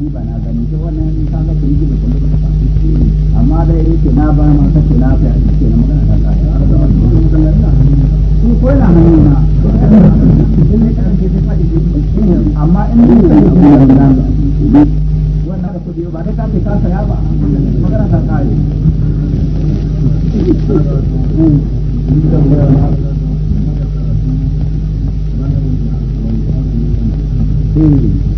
riba na gani to wannan ka ga kun ji da kullum ka amma dai yake na ba ma kace na a cikin magana ta ka har da wannan mutum da na ko na na ne kan ke fadi amma in da wannan kudi ba dai ka ce ka saya ba magana ta kare Thank you.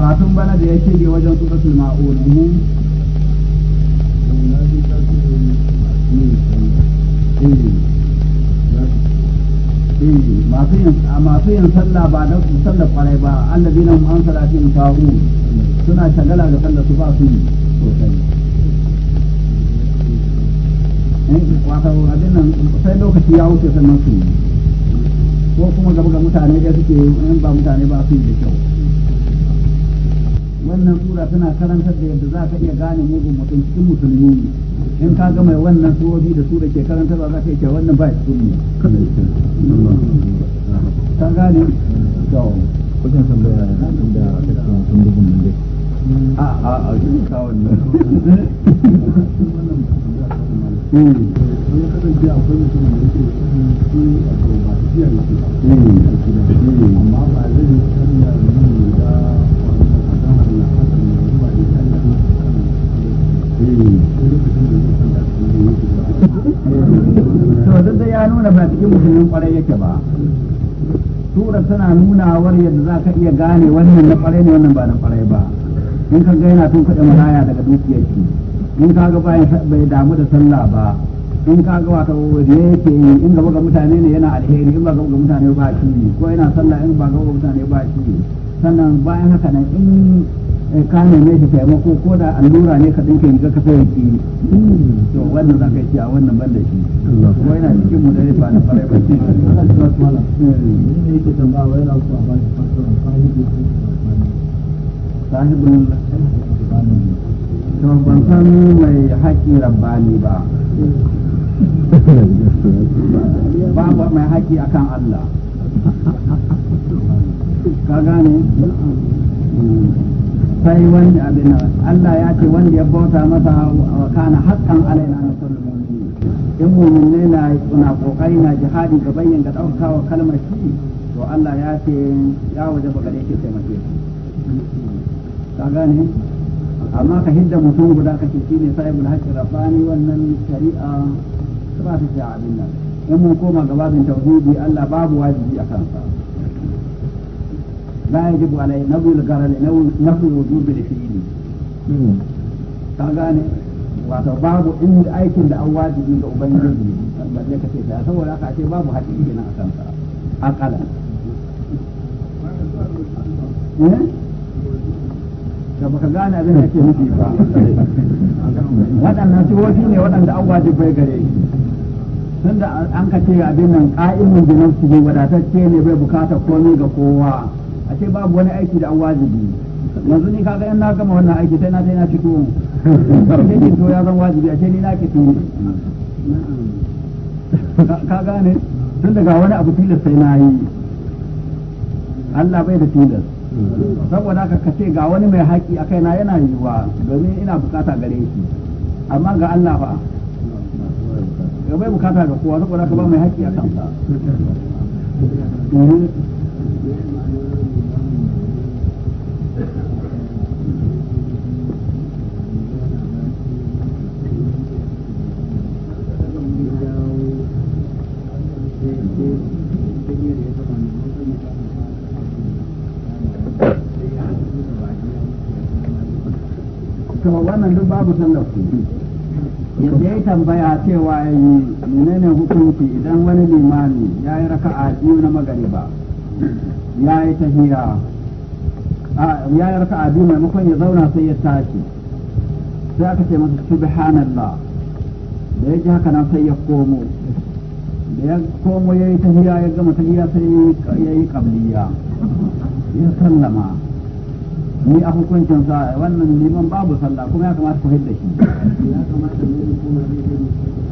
karatun bana da yake ne wajen suratul ma'un mu masu yin masu yin sallah ba da su sallar kwarai ba alladina hum an salatin sa'u suna shagala da sallar su ba su yi sosai in eh, wato abin nan sai lokaci ya wuce sannan su ko kuma gaba ga mutane da suke ba mutane ba su yi da kyau wannan sura tana karantar da yadda za ka iya gane mugun mutum cikin musulmi ne in ka ga mai wannan surobi da su da ke karantarwa za ka iya wannan ba su ne ka gane to a a a shi wannan akwai hmm. hmm. hmm. to duk da ya nuna ba cikin musulmin kwarai yake ba sura tana nuna war yadda za ka iya gane wannan na kwarai ne wannan ba na kwarai ba in ka gaina tun kuɗin maraya daga dukiyar ki in ka ga bai damu da sallah ba in ka ga wata ne yake yi in gaba ga mutane ne yana alheri in ba gaba ga mutane ba shi ko yana sallah in ba gaba ga mutane ba shi sannan bayan haka nan in eh, ka neme shi taimako ko da allura ne ka dinka riga ka sai ki hmm. to wannan za ka yi a wannan ban da shi kuma yana cikin mu da ba na farai ba ce hmm. sahibin to ban san mai haƙi rabbani ba ba ba mai haƙi akan Allah ka gane sai wani abin Allah ya ce wanda ya bauta masa wa kana hakan alaina na kullum in mu'minai na na kokari na jihadi ga bayyan ga daukawa kalmar shi to Allah ya ce ya waje baka da yake taimake ka gane amma ka hidda mutum guda kake sai mun haqqi rabbani wannan shari'a ba ta ce abin nan in mun koma gababin tauhidi Allah babu wajibi a kansa لا يجب عليه نبي الغرض نفي وجوب الفعل كان wato babu in aikin da an wajibi ga ubangiji ba zai kace ta saboda haka ce babu haƙiƙi na akan sa akala eh da baka gane abin da yake nufi ba waɗannan sifofi ne wadanda an wajibai gare shi tunda an kace abin nan ka'imin qa'imun su ne wadatacce ne bai bukata komai ga kowa a ce babu wani aiki da an wajibi yanzu ni kaga yan na gama wannan aiki sai na sai na fito sai ni to ya zan wajibi a ce ni na fito ka gane tun daga wani abu tilas sai na yi Allah bai da tilas saboda haka ka ce ga wani mai haƙi a kaina yana yiwuwa domin ina bukata gare shi amma ga Allah fa ga bai bukata ga kowa saboda ka ba mai haƙi a kansa wannan duk babu sallar ku yadda ya tambaya cewa ya yi menene hukunci idan wani limani ya yi a biyu na magariba ya yi tahiya ya yi a biyu maimakon ya zauna sai ya tashi sai aka ce masa subhanallah da ya ji haka nan sai ya komo da ya komo ya yi tahiya ya gama tahiya sai ya yi kabliya ya sallama ni a hukuncin sa wannan liman babu sallah kuma ya kamata ku hidda shi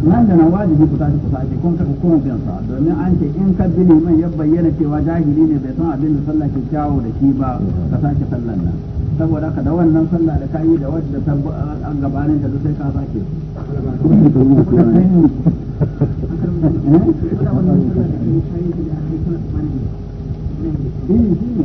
nan da nan wajibi ku tashi ku sake kun kaka kuma sa domin an ce in ka bi liman ya bayyana cewa jahili ne bai san abin da sallah ke kyawo da shi ba ka sake sallan nan saboda haka da wannan sallah da ka yi da wadda ta an gabanin ta sai ka sake eh,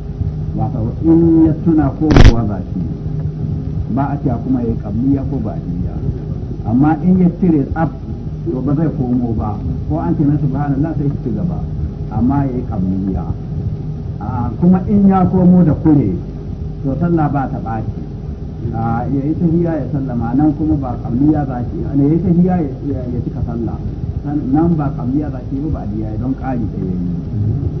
wato in ya tuna ko kuwa za shi ba a cewa kuma ya kabliya ko ba diya amma in ya cire tsaf to ba zai komo ba ko an ce na subhanallah sai ci gaba amma ya yi kabliya kuma in ya komo da kure to sallah ba ta ɓaci ya yi tahiya ya sallama nan kuma ba kabliya za shi ne ya yi tahiya ya cika sallah nan ba kabliya za shi ba ba diya don ƙari da ya yi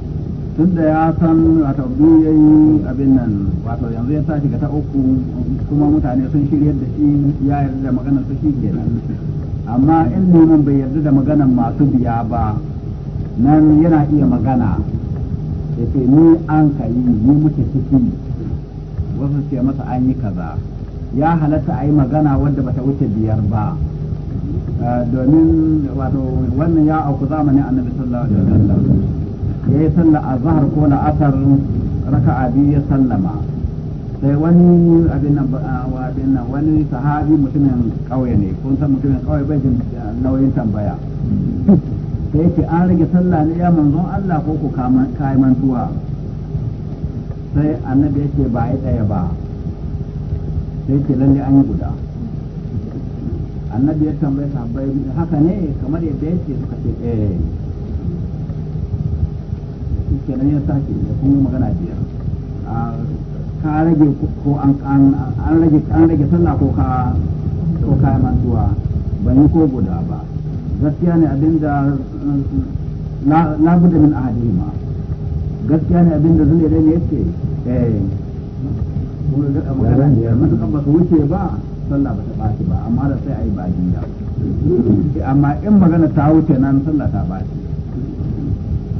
tunda ya san wato biyu ya yi abin nan wato yanzu ya tashi ga ta uku kuma mutane sun shirya da shi ya yarda da maganar su shi kenan amma in neman bai yarda da maganar masu biya ba nan yana iya magana ya ce ni an ka yi ni muke ciki wasu ce masa an yi kaza ya halatta a yi magana wadda bata wuce biyar ba eh, domin wato wannan ya auku zamanin annabi sallallahu alaihi wasallam ya yi sallah a zahar ko na asar raka'a biyu ya sallama sai wani abin nan abin nan wani sahabi mutumin kauye ne kun san mutumin kauye bai jin nauyin tambaya sai yake an rage sallah ne ya manzon Allah ko ku kai mantuwa sai annabi yake ba ya daya ba sai yake lalle an yi guda annabi ya tambaye sahabbai haka ne kamar yadda yake suka ce eh kenan ya sake ya kuma magana biyar ka rage ko an rage an rage sallah ko ka ko ka zuwa ban yi ko guda ba gaskiya ne abinda na budda min ahadima gaskiya ne abinda zule dai ne yake. eh magana biyar ba wuce ba sallah ba ta ba amma da sai a yi bakin amma in magana ta wuce nan sallah ta ce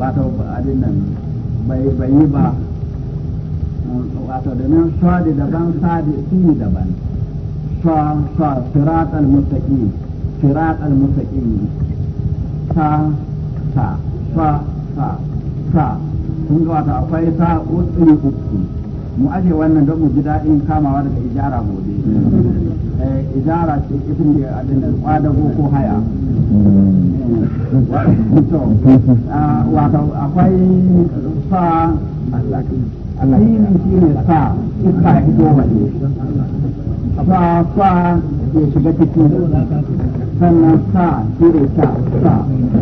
wato abin nan bai bai ba wato domin da daban sadi su ne daban sa sa sirat al-mustaqim sirat al-mustaqim sa sa sa sa sa kun ga wato akwai sa uku uku mu aje wannan don mu ji daɗin kamawa daga ijara gobe eh, ijara ce ifin da abin da kwadago ko haya ah, wato akwai sa alhinin shi ne sa iska ya fito waje sa sa ya shiga ciki sannan sa shi ne sa sa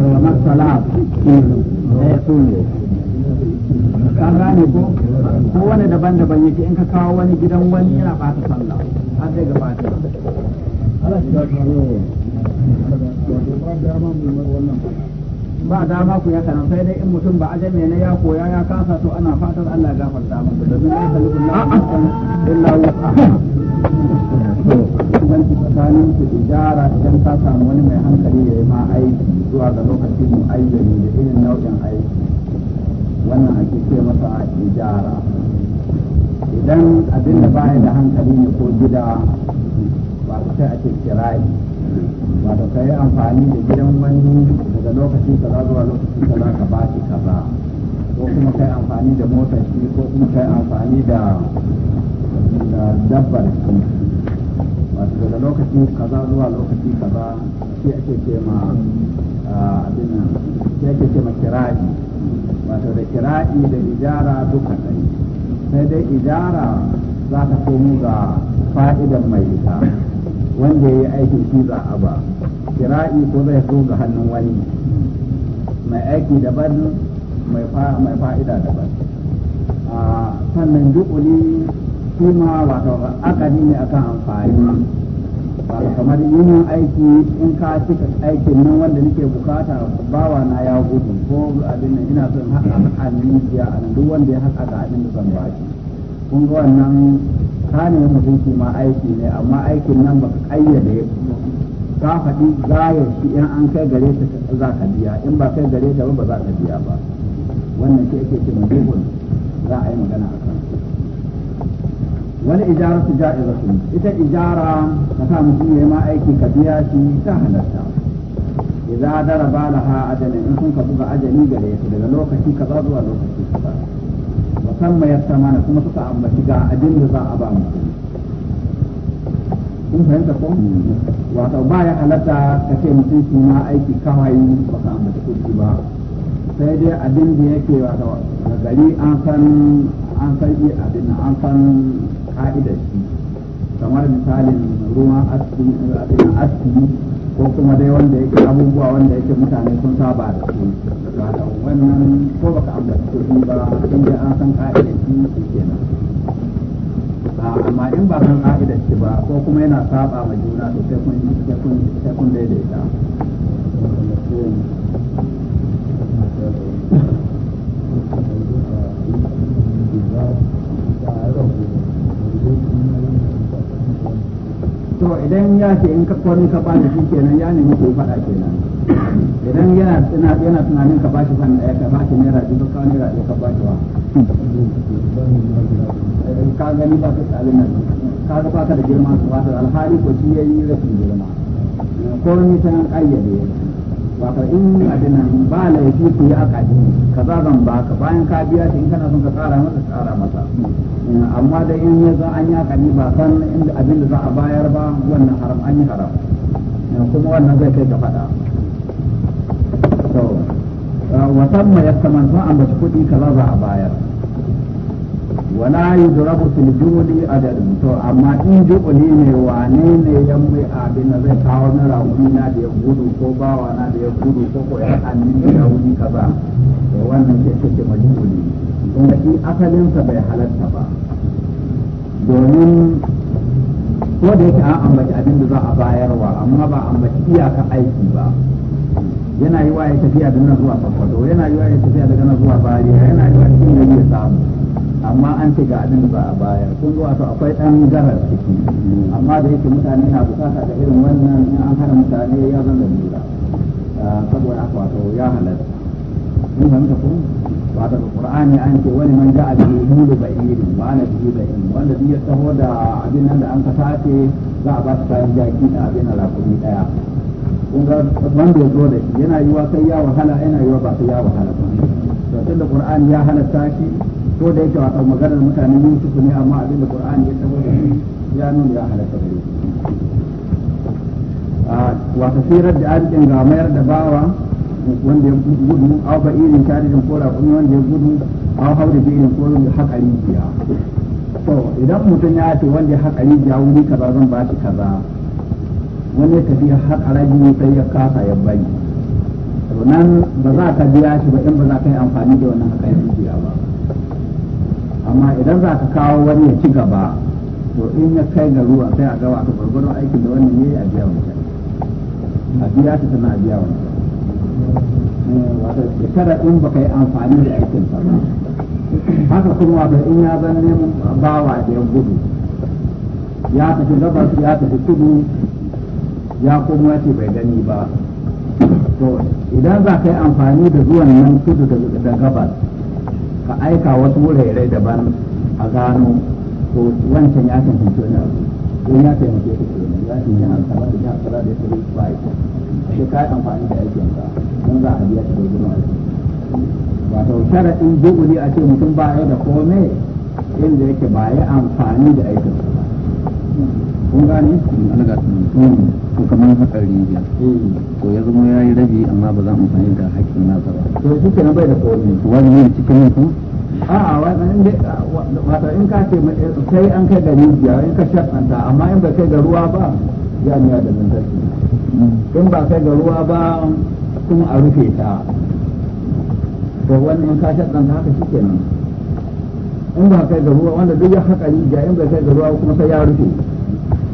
kamar salat ya eh, su ne ka gane ko ko wani daban-daban yake in ka kawo wani gidan wani yana bata sallah har sai gaba ta ba dama ku ya kana sai dai in mutum ba ajame ne ya koya ya kasa to ana fatar Allah ya gafarta masa domin ya kalli kullu illa wusa dan tsakanin ku tijara idan ka samu wani mai hankali ya yi ma aiki zuwa ga lokacin ayyani da irin nau'in aiki wannan ake ce masa ijara idan abin da baya da hankali ne ko gida wato sai ake kirayi wato ka yi amfani da gidan wani daga lokaci kaza zuwa lokaci kaza ka ba shi kaza ko kuma kai amfani da motar shi ko kuma kai amfani da dabbar shi wato daga lokaci kaza zuwa lokaci kaza shi ake ce ma ah, abin nan shi ake ce ma kirayi wato da kira'i da ijara duka sai dai ijara za ta komo ga fa'idan mai ita wanda ya yi aikin shi za a ba kira'i ko zai so ga hannun wani mai aiki daban mai fa'ida daban sannan dukuli shi ma wato akadi ne akan amfani kamar yin aiki in ka cika aikin nan wanda nake bukata bawa na ya gudu ko abin nan ina son haka haka ninjiya a duk wanda ya haka ga abin da zan baki kun ga wannan ka ne mutunci ma aiki ne amma aikin nan baka kayyade ka faɗi gayar shi in an kai gare ta za ka biya in ba kai gare ta ba za ka biya ba wannan shi ake cewa mai za a yi magana a wani ijara su ja'iza su ita ijara ka sa mutum ya ma aiki ka biya shi ta halatta idan ba daraba laha ajali in sun ka buga ajali gare su daga lokaci kaza zuwa lokaci kaza musamman ya mana kuma suka ambaci ga abin da za a ba mutum kun fahimta ko wato ba ya halatta ka ce mutum shi ma aiki kawai ba ka ambaci kuɗi ba sai dai abin da yake wato gari an san an san abin an san ka'idar shi kamar misalin ruwan aski ko kuma dai wanda yake abubuwa wanda yake mutane sun saba da su wannan ko baka ambaci kuɗi ba in da an san ka'idar shi ke kenan amma in ba san ka'idar shi ba ko kuma yana saba ma juna to sai sai kun sai kun daidaita Thank you. to idan ya ce in ka komai ka ba shi kenan ya nemi ku fada kenan idan yana yana yana tunanin ka ba shi san ɗaya ka ba shi naira dubu ka naira ɗaya ka ba shi wa ka gani ba ka tsalin nan ka ga ba ka da girma su ba alhali ko shi yayi rashin girma ko ni sanan ƙayyade wato in abin nan ba laifi ku yi akadi kaza zan ka bayan ka biya shi in kana son ka tsara masa tsara masa amma da in ya zan an yi akadi ba san inda abin da za a bayar ba wannan haram an yi haram kuma wannan zai kai ka faɗa to wasan ma ya kamanta an bashi kuɗi kaza za a bayar wala yuzrabu fil juhudi adad to amma in juhudi ne wane ne yan mai abin zai kawo na rauni na da ya gudu ko bawa na da ya gudu ko ko ya annin da rauni kaza to wannan ke ma take majhuli don shi asalinsa bai halatta ba domin ko da yake an ambaci abin da za a bayarwa amma ba ambaci iyaka aiki ba yana yi wa ya tafiya da nan zuwa sakwato yana yi wa ya tafiya daga nan zuwa bariya yana yi wa cikin gari ya samu amma an ce ga abin da ba a bayar kun zuwa wato akwai ɗan garar ciki amma da yake mutane na bukata da irin wannan in an hana mutane ya zama lura ah, saboda haka wato ya halatta kun fahimta ko da qur'ani an ce wani man ja'a bi yulu ba'ir wa ana bi ba'in wanda duk ya taho da abin nan da an ka sace za a ba su kayan jaki da abin alakuri daya kun ga wanda ya zo da shi yana yiwa kai ya wahala yana yiwa ba sai ya wahala ba to tunda qur'ani ya halatta shi ko da yake wato maganar mutanen Yusuf ne amma abin da Qur'ani ya tabo da shi ya nuna ya halatta gare a wato sirar da an ga mayar da bawa wanda ya gudu aw ba irin tarihin ko kuma wanda ya gudu aw hau da irin ko haƙa rijiya to idan mutum ya ce wanda ya haƙa rijiya wuri kaza zan ba shi kaza wani ka tafi haƙa rajin sai ya kasa ya bari nan ba za ka biya shi ba in ba za ka yi amfani da wannan haƙa rijiya ba amma idan za ka kawo wani ya ci gaba to in ya kai ga ruwa sai a gawa aka gwargwaro aikin da wannan yayi a biya wancan a biya ta tana biya wancan eh, kada in ba ka yi amfani da aikin sa ba haka kuma wata in ya zan neman bawa da ya gudu ya tafi gabas ya tafi kudu ya kuma ce bai gani ba to idan za ka yi amfani da zuwan nan kudu da gabas ka aika wasu wurare daban a gano ko wancan ya tantance wani abu ko ya taimake ku ke nan ya hankala da ya hankala da ya tabi ba ya a yi amfani da aiki ka don za a biya ta dogon aiki wato sharaɗin jubuli a ce mutum ba ya da kome inda yake ba ya amfani da aiki. ba kun gane alga ko kamar haka rijiya to ya zama ya yi rabi amma ba za mu fahimta da haƙƙin na ba to shi kenan bai da kowane wani ne cikin ne kuma a'a wata in ka ce eh, sai an kai ga rijiya in ka shakanta amma in ba kai ga ruwa ba ya ne da lantarki in ba kai ga ruwa ba kuma a rufe ta to wani in ka shakanta haka shi kenan in ba kai ga ruwa wanda duk ya haƙa rijiya in ba kai ga ruwa kuma sai ya rufe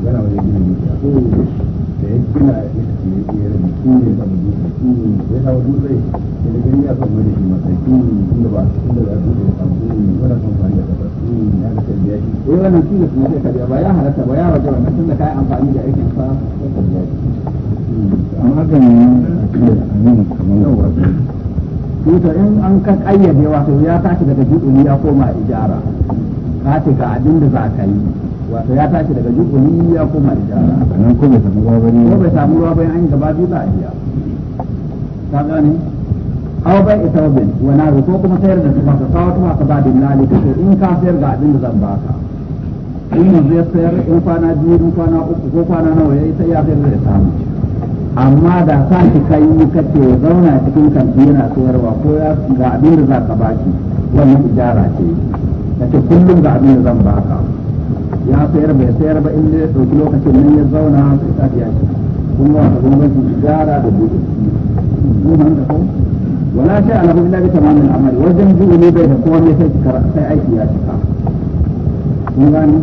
magana wajen ko da ya gina ya ce ya rubutu ne da dutse ya samu dutse ya da ya samu da shi masai tun da ba tun da ba ya samu wani amfani da ya ga sai biya wannan da kuma sai ba ya halatta ba ya waje wannan tun da kai amfani da aikin sa sai ka biya shi da kan kamar tuta in an ka kayyade wato ya tashi daga dutse ya koma ijara ka ce ga abin da za ka yi wato ya tashi daga jukuni ya koma ijara nan ko bai samu ruwa bane ko bai samu ruwa bane an yi gaba biyu za a biya ka gane aw bai ita bin wa na ko kuma sayar da tufa ka sawo tufa ka ba din lali to in ka sayar ga abin da zan baka in yanzu ya sayar in kwana biyu in kwana uku ko kwana nawa ya sai ya sayar da samu amma da sa shi kai kace zauna cikin kanti yana sayarwa ko ya ga abin da za ka baki wannan ijara ce kace kullum ga abin da zan baka ya sayar bai sayar ba in ya ɗauki lokacin nan ya zauna su ta biya shi kun wa ta gwamnati gara da buɗe mun da ko wala sai ala illa bi tamamin amali wajen ju'u ne bai da komai sai sai aiki ya cika kun gani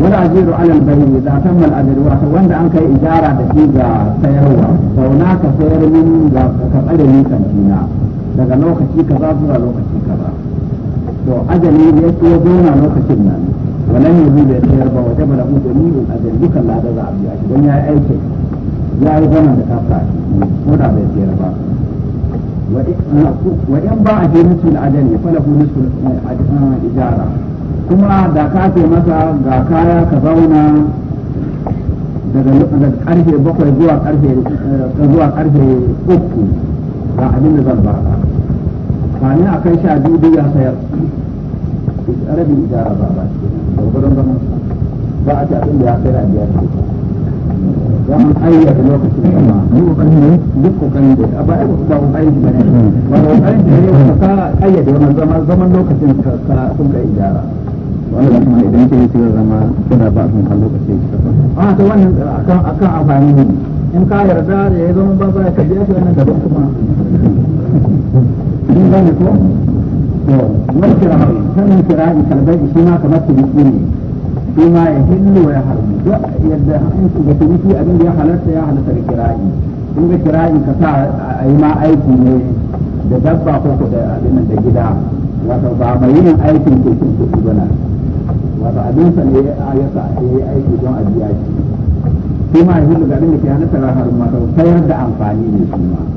wala ajiru ala albayr da tamma al-ajr wa wanda an kai ijara da shi ga sayarwa zauna ka sayar min ga ka tsare ni kantina daga lokaci kaza zuwa lokaci kaza to ajali ne ya zauna lokacin nan wannan zai bai tsayar ba wajen bala mutu ni a zargukan da za a biya shi don ya yi aiki ya yi zaman da kafa ko da bai tsayar ba wa in ba a je mutu da ajali ne a nisu ijara kuma da ka ce masa ga kaya ka zauna daga karfe bakwai zuwa karfe eh, zuwa karfe uku ga abin da zan ba ba ni a kai sha biyu ya sayar rabin ijara ba ba shi gudun zama ba a ci abin da ya kai da biya ce wani ayyaka lokacin zama kokarin ne duk kokarin da ba ne ba kokarin da ne ka ayyade wannan zama zaman lokacin ka sun ka ijara wannan kuma idan zama ba sun kan a wannan akan akan amfani ne in ka yarda da ya zama ba ba wannan kuma in ko وانشر عين كان انشر عين كالبيت شما كمت مسلمين فيما يهل ويحرم يبدا انت بتريكي ابن يا حلت يا حلت الكراعي in ga kirayin ka sa a yi ma aiki ne da dabba ko da abin gida wato ba mai yin aikin ko kin kuɗi ba na wato abin sa ne ya sa a aiki don a biya ya hillu ga abin da ke hana tara harin sayar da amfani ne shi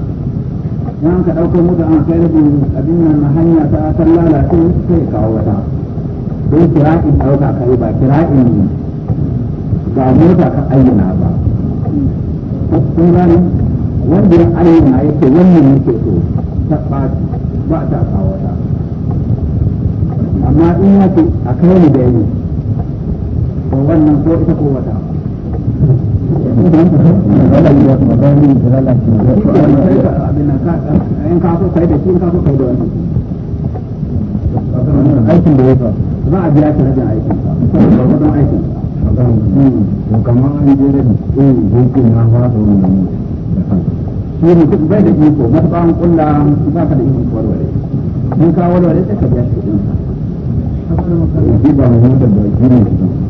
yan ka ɗauko mutu an kai rabin abin nan na hanya ta ta lalace sai kawo wata don kira'in ɗauka kai ba kira'in ga mota ka ayyana ba kun gani wanda ya ayyana yake wannan yake so ta ɓaci ba ta kawo wata amma in ya ce a kai ni da yi wannan ko ita ko wata aikin da ya fa a biya ta rajin aikin sa wajen aikin sa kamar an je da yankin ya fara ba. da kansa shi ne duk bai da iko matuƙa an kulla ba ka da ikon warware in ka warware sai ka biya shi kuɗin sa. Ba mu mutar da ne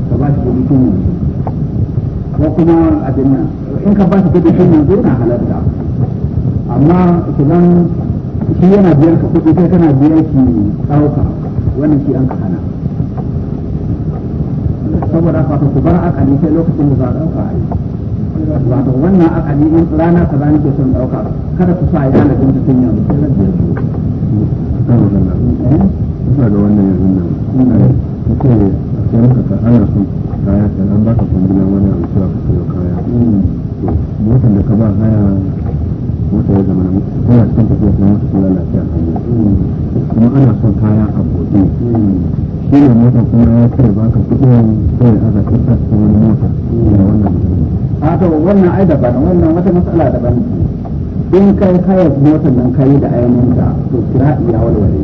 ka ba shi kuɗi tun ko kuma abin nan in ka ba shi na tun yanzu yana amma idan shi yana biyan ka kuɗi kai kana biyan shi ɗauka wannan shi an ka hana saboda haka ku bar akali sai lokacin da za a ɗauka a yi wato wannan akali in rana son dauka kada ku sa ya na bin yanzu sai da ya zo ga wannan yanzu nan sai muka san ana son kaya sai an baka kwangila wani abu cewa ka sayo kaya to motar da ka ba haya motar ya zama tana son tafiya sai mata kula lafiya hanya kuma ana son kaya a bude shi ne motar kuma ya cire baka kuɗin sai aka kasa ta wani mota da wannan a to wannan ai daban wannan wata matsala daban in kai hayar motar nan kai da ainihin ta to kira iya walwale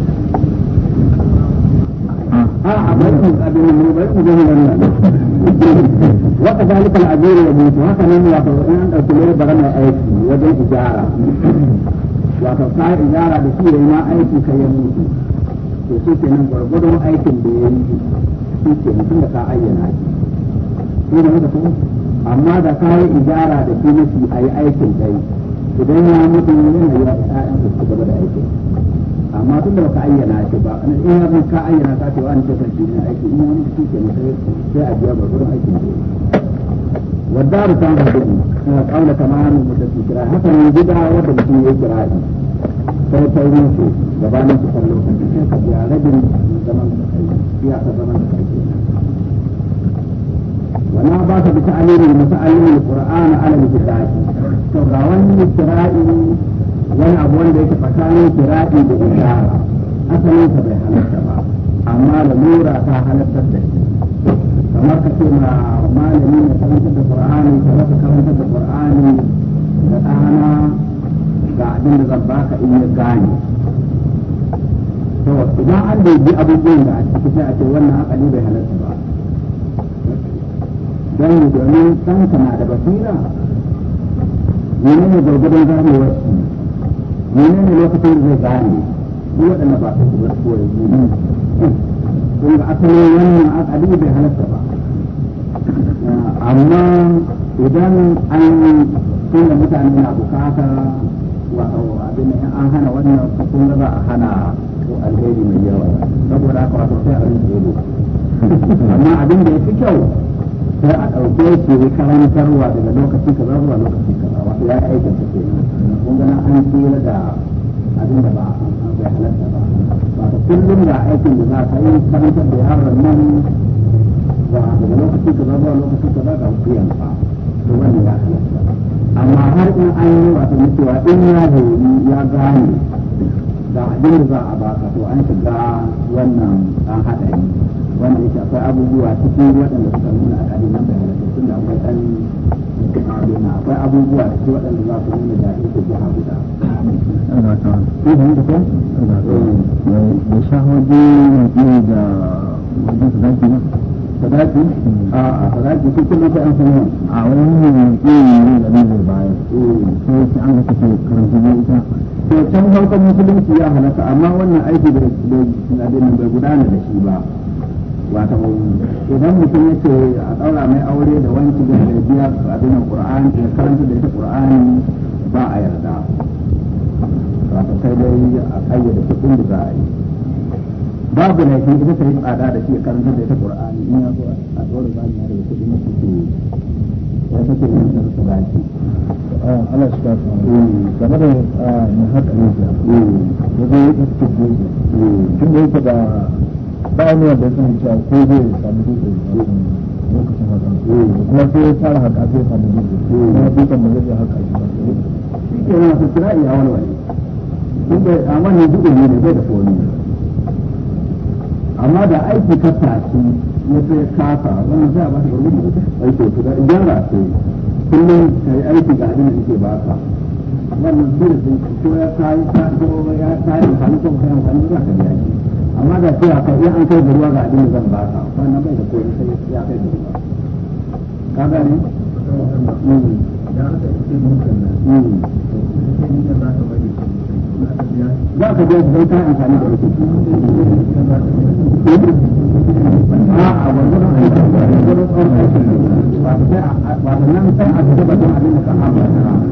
wata zalika al'adun ya bi su haka ne mu wata wata yan ɗauki ne bari na aiki wajen ijara wata ta ijara da su yi ma aiki ka yi mutu to su ke nan gwargwadon aikin da ya yi su ke mutum da ka ayyana shi su da wata kuma amma da ka yi da su ne su yi aikin dai idan ya mutu ne yana yi wa ta'ayin su su gaba da aikin amma tun da baka ayyana shi ba an in ya ka ayyana ka ce an ce sarki ne aiki in wani shi ke sai sai a biya gurin aikin ne wadda da san na kaula kamar su kira haka ne gida wanda mutum ya kira shi sai ta yi shi gabanin su kan lokaci sai ka biya rabin zaman da kai biya ka zaman da kai ولا باس بتعليم المتعلم da على to ga wani kira'i wani abu wanda yake tsakanin kira'i da ishara asalin ta bai halatta ba amma lalura ta halattar da shi kamar ka ce ma malami na karantar da qur'ani ka rasa karantar da qur'ani da dana ga abin da zan baka in ya gane to idan an yi abubuwan da a ciki sai a ce wannan akali bai halatta ba don domin kanka na da basira menene gwargwadon gane wasu menene lokacin da zai gane ni waɗanda ba su ba ko ya zuwa kun ga asalin wannan akali bai halatta ba amma idan an kun mutane na bukata wa abin an hana wannan kun ga za a hana ko alheri mai yawa saboda haka wato sai a rinke amma abin da ya fi kyau sai a ɗauke shi karantarwa daga lokacin kaza zuwa lokacin kaza wato ya yi aikin ta kenan kun gana an tsira da abin da ba bai halatta ba ba ta kullum da aikin da za ka yi karantar da yaran nan ba daga lokaci ka zaba lokaci ka ba ga hukuyan ba to wannan ya halatta amma har in an yi wato mutuwa in ya hori ya gane ga abin da za a baka to an shiga wannan an haɗari wanda yake akwai abubuwa cikin waɗanda suka nuna a ƙari nan bai halatta tun da bai ɗan akwai abubuwa da ke waɗanda za su nuna da ita jiha guda. Da shahodi ne da wajen sadaki ba. Sadaki? Mm. A sadaki su kuma sai an sanar. A wani ne ne ne da ne zai bayar. Mm. Sai sai an ga kashe karanta ne ita. To can farkon musulunci ya halaka amma wannan aiki da abin bai gudana da shi ba. wato idan mutum ya ce a mai aure da wanki da biya ƙura'an ya karanta da ita ƙura'an ba a yarda wato sai dai a da za a yi babu ne shi ita sai tsada da shi ya karanta da ita ƙura'an in ya zo a tsoron ba ya da su ah, bayan ne wanda ya sani cewa ko zai samu dutse lokacin haka kuma sai ya fara haka sai ya samu dutse kuma dutsen ba zai haka shi ba shi ke nan su kira iya wani wani dutse amma ne dutse ne bai da tsoni amma da aiki ka tashi ya sai kasa wannan sai a ba shi wani aiki to da idan ra sai kullum ka yi aiki ga abin da yake baka wannan dole sai ko ya kai ka ko ya kai ka ko ya kai ka ka biya shi amma da cewa ka iya an kai ruwa ga abin da zan ba ka wannan bai da koyi sai ya kai ruwa ka gane za ka biya su da a a wannan aiki ba da nan sai a da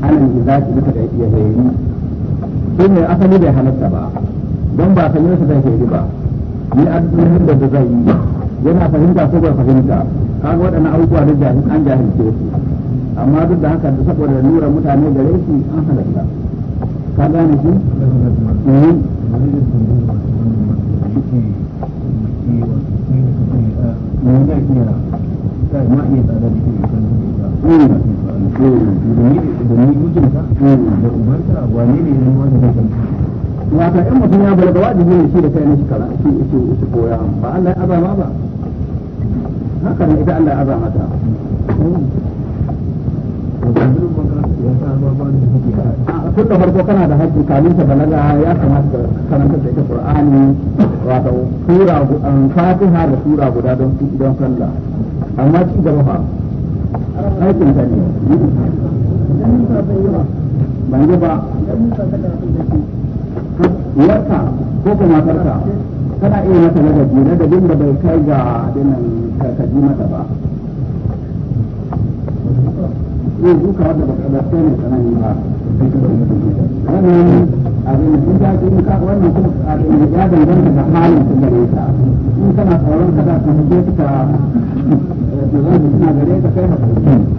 Ana za su duka da ya hayayi shi ne asali bai halatta ba don ba sanye su zai hayayi ba ni addu'o'in da zai yi yana fahimta ko ba fahimta kaga waɗannan abubuwa da jahil an jahilce su amma duk da haka da saboda lura mutane da shi an halatta ka gane shi ma eh. iya domin mijinta da mm. ubanta wane ne ne da zai kanta wata in mutum ya balaga wajibi ne shi da kai ne shi kala shi shi shi koya ba Allah ya azama ba haka ne ita Allah ya azama ta tun da farko kana da haƙƙi kamin ta balaga ya kamata karanta da ita qur'ani wato sura um, fatiha da sura guda don don sallah amma ci gaba fa aikin ta ne ban ji ba yarka ko kuma matarka kana iya mata ladabi ladabin da bai kai ga dinan kaji mata ba zai duka wadda ba kada sai ne tsanani ba wannan abin in ya ce in ka wannan kuma abin ya danganta da halin ta gare ta in kana tsoron ka za ka fito ta da zai suna gare ta kai hakuri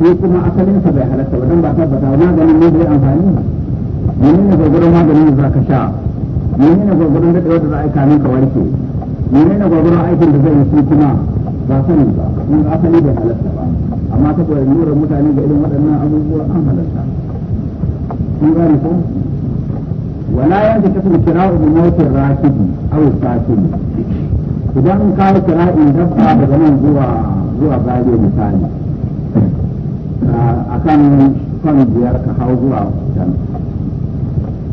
ko kuma asalin sa bai halatta ba don ba tabbata maganin ne bai amfani menene gwagwaron maganin da ka sha menene gwagwaron da da za a yi kamin ka warke menene gwagwaron aikin da zai yi shi kuma ba sani ba in asali bai halatta ba amma saboda nura mutane ga irin waɗannan abubuwa an halatta kun gane ko wala yanzu kasan kira'u bi mawtin rakibi aw sakin idan ka in dabba daga nan zuwa zuwa gare misali Ah, akan kami biar ke hau dan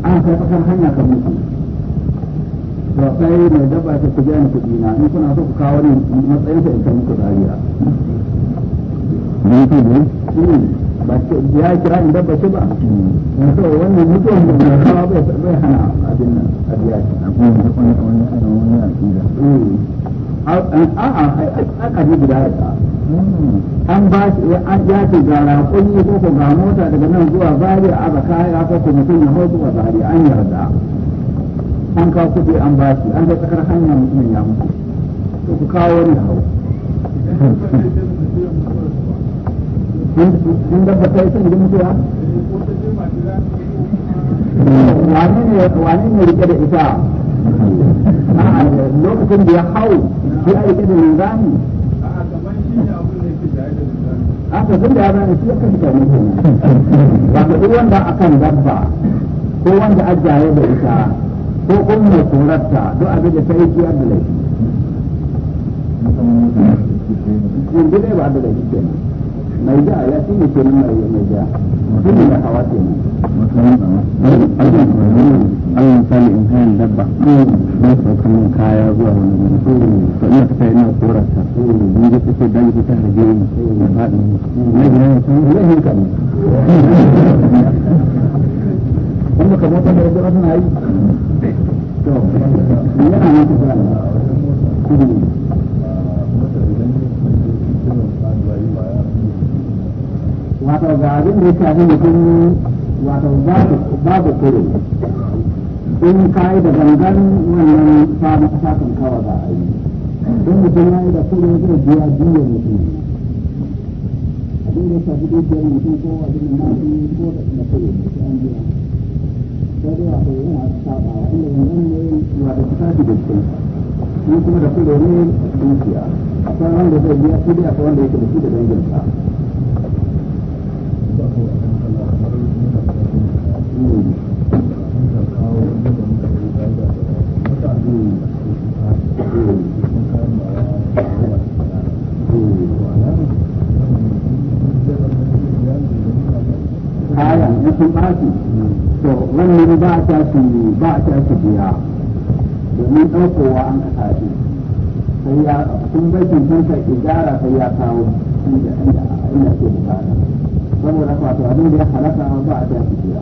ah saya pesan hanya kamu sebab saya ini ada baca kerjaan ke Bina ini pun aku kawan ini masa saya kamu ke Bahia ini baca dia cerai ini baca bang masa orang yang itu yang berapa apa yang terbaik hana adina adiyah aku yang terpengar orangnya orangnya tidak a'a guda ya an ba shi an ya ce ga raƙon ko ko ga mota daga nan zuwa bari a ba kaya ko ko mutum ya hau zuwa bari an yarda an kawo kuɗi an ba shi an zai tsakar hanya mutum ya mutu to ku kawo wani hau kun dabbata ya mutu ya? wani ne rike da ita lokacin da ya hau shi ya rike da linzami a kasar da ya shi ba duk wanda akan dabba ko wanda da ita ko kuma mai duk abin da dai ba kenan. mai ja ya shi ne mai mai ja shi ne da hawa ke Allah in kayan dabba kaya zuwa wani gudu to ina ta kai ina dan faɗi ya san zai ne wanda ka mota da wasu yi to wato ga abin da ya shafi mutum wato babu kure in ka yi da gangan wannan sakon kawa ba a yi don mutum ya yi da kure zai biya biyan mutum abin da ya shafi dukiyar mutum ko abin da nasu ko da kuma kure sai an biya sai dai wato yana saba wanda gangan ne wato ta tafi da shi kuma da kure ne dukiya akwai wanda zai biya kudi akwai wanda yake da shi da danginsa wannan ba a tashi ba a tashi biya domin ɗaukowa an kasa shi sai ya kun bai ke gyara sai ya kawo inda inda ke bukata saboda kwato abin da ya halaka ba a tashi biya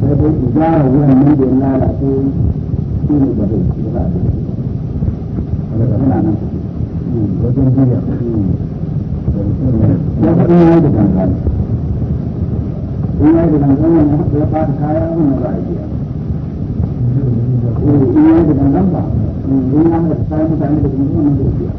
sai dai gyara wannan da lalace shi ne da zai ba za a tashi daga muna nan wajen jiya. ya faɗi ya yi da in ya da gangan wannan haka ya fata kaya wannan za a biya in ya da gangan ba in ya haka kaya mutane da gangan wannan zai biya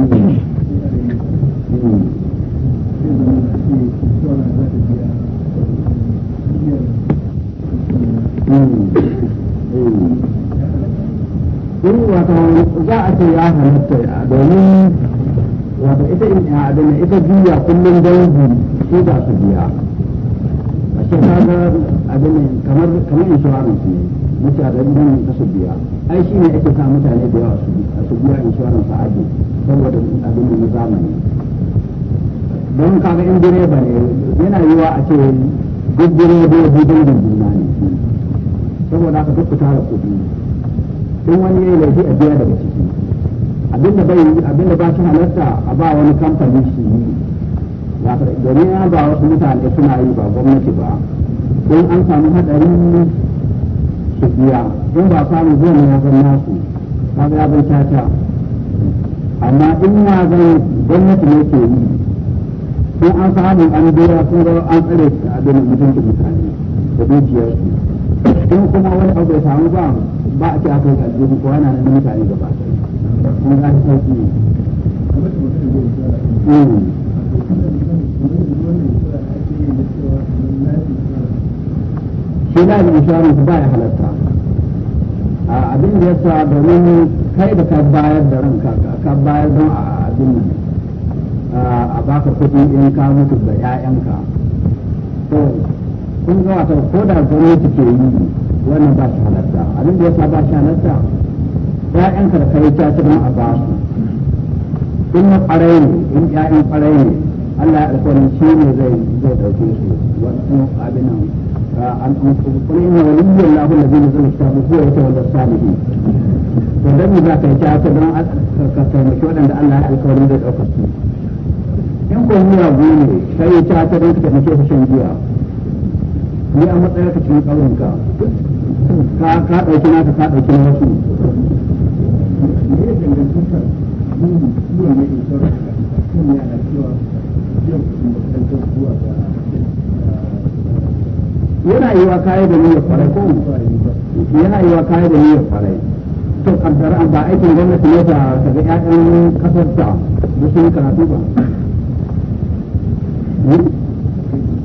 Thank you. wato za a ce ya halatta domin wato ita in abin ita juya kullum dangi shi za su biya a ce kaga abin kamar kamar insurance ne mace da nan ta su biya ai shi ne ake sa mutane da yawa su biya insurance a aji saboda abin na zamani don kaga in direba ne yana yiwa a ce duk direbobi dangin juna ne saboda aka duk fita da kuɗi in wani yayi laifi a biya daga ciki abinda bai abinda ba shi halarta a ba wani kamfani shi yi domin ya ba wasu mutane suna yi ba gwamnati ba in an samu hadarin su biya in ba samu zuwa ne ya zan nasu ba ya zan caca amma in ya zan gwamnati ne ke yi in an samu an biya sun ga an tsare abin mutum da mutane da dukiyarsu in kuma wani abu ya samu ba ba a ce a kan aljihu ko ana nan mutane gaba kuma za ta sauki ne hmm. shi na da insurance ba ya halatta a abin da ya sa domin kai da ka bayar da ranka ka bayar don a abin nan a baka kuɗi in ka mutu da 'ya'yanka to kun ga wata ko da gwamnati ke yi wannan ba shi halatta abin da yasa ba shi halatta ƴaƴan karkare ta ci a ba su in na ƙarai ne in ya'yan ƙarai ne Allah ya alƙawarin shi ne zai zai ɗauke su wannan abin nan an an kuma ina yi lahu da zai zai ta mu kowa ta wanda salihi to dan za ka yi ta ta don ka taimaki waɗanda Allah ya alƙawarin zai ɗauka su in ko miyagu ne sai ta ta don ka taimaki su shan giya ni a matsayar ka cikin kaurin ka ka ka dauki na ka dauki na wasu yana yi wa kaya da niyyar kwarai ko yana yi wa kaya da niyyar kwarai to kaddara an ba aikin gwamnati ne ba daga ƴaƴan kasar da sun karatu ba hmm?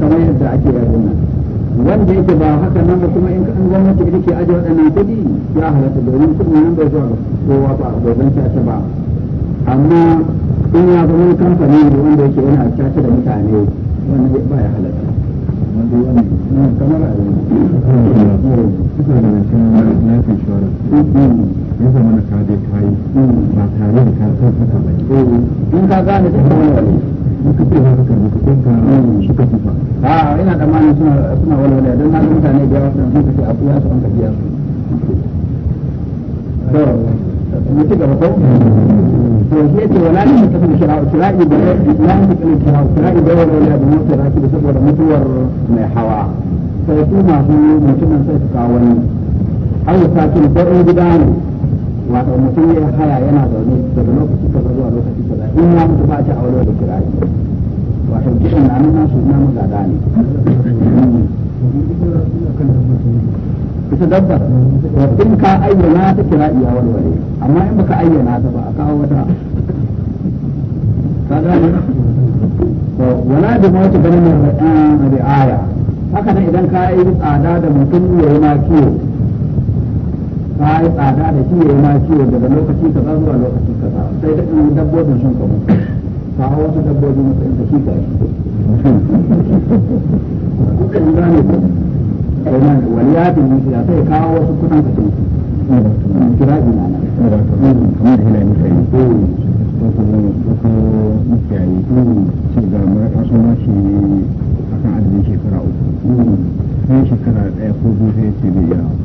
kamar yadda ake yadda na wanda yake ba haka nan ba kuma in ka an gwamnati da ke aje waɗannan kuɗi ya halatta domin kuma nan bai zuwa kowa ba bai zan caca ba amma in ya zama kamfani ne wanda yake yana caca da mutane wanda ba ya halatta kamar a yi ya zama na kaje kayi ba tare da ka san haka ba in ka gane da kuma wani suka ce za ka karbi ka suka tufa a ina tsammanin suna suna walwala don na mutane da yawa suna suka a kuya su an ka biya su mu ci gaba ko to shi yace wala ne ta kuma shira shira da la ne ta kuma shira shira ibe wala ya da mutu da saboda mutuwar mai hawa sai su masu mutumin sai su kawo wani an yi sakin ko in gida ne wato mutum ya haya yana zaune daga lokaci kaza zuwa lokaci kaza in ya mutu ba a ci aure da kirayi wato gidan na nan nasu na gada ne ita dabba in ka ayyana ta kira iya warware amma in baka ayyana ta ba a kawo wata ka gane wala da mawata ganin ah, ri'aya haka nan idan ka yi tsada da mutum ya yi ma ka yi tsada da shi ya ma ciwo daga lokaci kaza zuwa lokaci kaza sai da dabbobin sun kamu wasu dabbobi da shi gane waliyati ne ya sai kawo wasu kudin ka ne kira ina na kamar hila ne kai wasu wasu mutiyayi ce ga mara adadin shekara uku hmm. sai shekara ko biyu sai ce bai yawa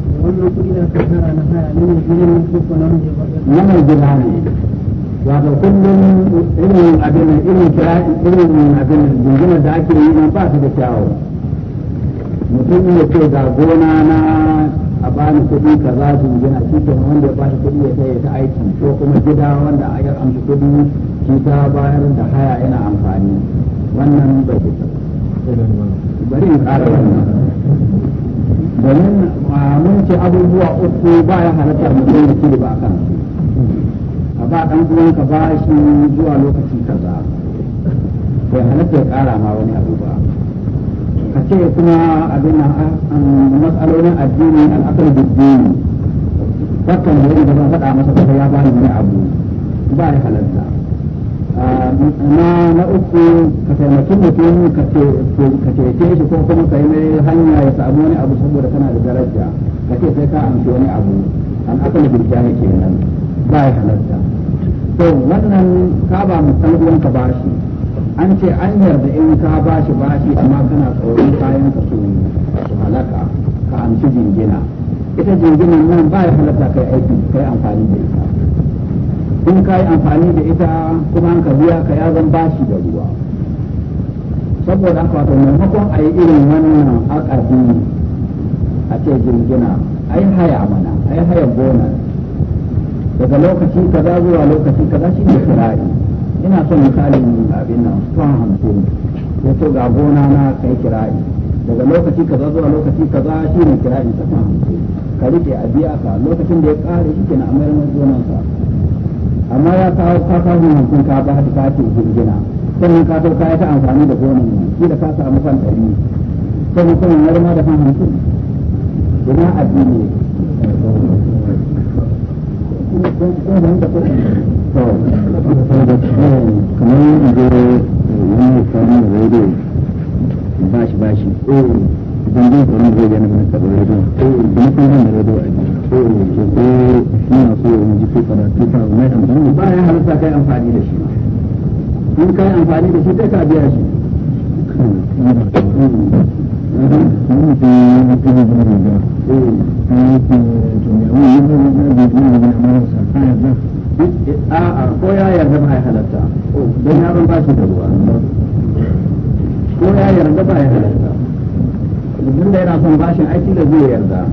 wannan gida ne wato kullum irin abin irin kira irin abin jingina da ake yi nan ba su da kyawu mutum ya ce ga gona na a bani kuɗi kaza jingina shi ke wanda ya bashi kuɗi ya sai ta aiki ko kuma gida wanda a yar amsa kuɗi shi ta bayar da haya yana amfani wannan bai bari in ƙara wannan domin ah, mun ce abubuwa uku ba ya halatta mutum da kiri ba kan a ba ɗan uwanka ba shi zuwa lokaci kaza bai halatta ya ƙara ma wani abu ba ka ce kuma abin nan ah, matsalolin addini al'akar biddini fakkan da yadda ba faɗa masa ba ya bani wani abu ba ya halatta na na uku ka taimaki mutum ka ke shi ko kuma ka yi mai hanya ya samu wani abu saboda kana da daraja ka ce sai ka amshi wani abu an ne ke kenan ba ya halatta to wannan ka ba mu san ka ka bashi an ce an yarda in ka bashi bashi amma kana tsoron kayan ka su halaka ka amshi jingina ita jinginan nan ba ya halatta kai aiki kai amfani da ita in ka yi amfani da ita kuma an ka biya ka ya zan bashi da ruwa saboda haka wato maimakon a yi irin wannan akadi a ce jirgina a yi haya mana a yi haya gona daga lokaci kaza zuwa lokaci kaza shi ne kira'i ina son misalin abin nan stone hamsin ya to ga gona na kai kira'i daga lokaci kaza zuwa lokaci kaza shi ne kira'i stone hamsin ka rike a biya ka lokacin da ya kare shi ke na mayar gonansa amma ya kawo kafa mutum ka ba da katin jirgina sannan ka ka yi ta amfani da gonan ne shi da ka samu kan ɗari sannan kuma ya da kan hamsin ina addini kamar yanzu wani rediyo bashi bashi don zai gani mai karɓar kuma da a ko ina so in ji ko ta mai amfani ba ya halitta kai amfani da shi kai amfani da shi ka biya shi a'a ko ya yarda ba ya halatta idan da yana son bashin aikin da zai yarda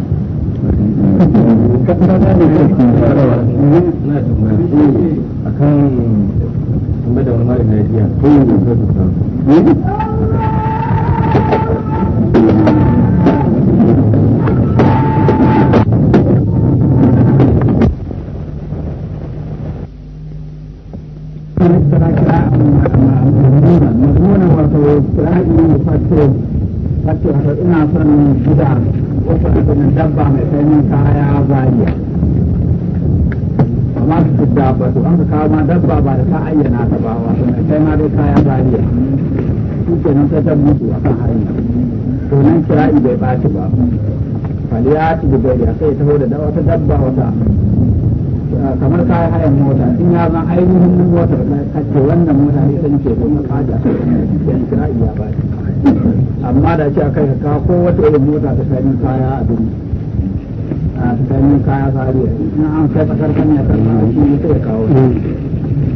akan game da wani mara lafiya ko yanzu ka samu Thank you. kace wato ina son gida wato abin dabba mai sai kaya zariya amma su ba to an kawo ma dabba ba da ta ayyana ta ba wato mai sai ma dai kaya zariya shi ke nan sai ta mutu a kan hanya to nan kira kira'i bai ta ba faliya ci gudari ya sai taho da wata dabba wata kamar kayan hayan mota in ya zan ainihin motar kacce wannan mota ne ta ce domin kaja sai yi ya ta amma da ce akai ka ko wata irin mota ta kayan kaya a duniya a tsakanin kaya tsari in an kai tsakar kan ya karɓa shi ne sai ya kawo